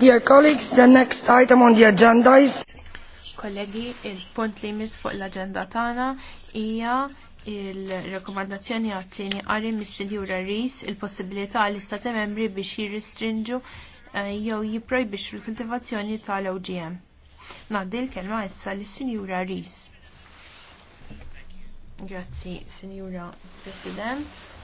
Dear colleagues, the next item on the agenda is Kollegi, il-punt li mis fuq l-agenda tagħna hija il-rekomandazzjoni għat-tieni qari mis-Sinjura Ris, il-possibilità li stati membri biex jirristrinġu eh, jew biex fil-kultivazzjoni tal-OGM. Ngħaddi l-kelma issa lis-Sinjura Ris. Grazzi, Sinjura President.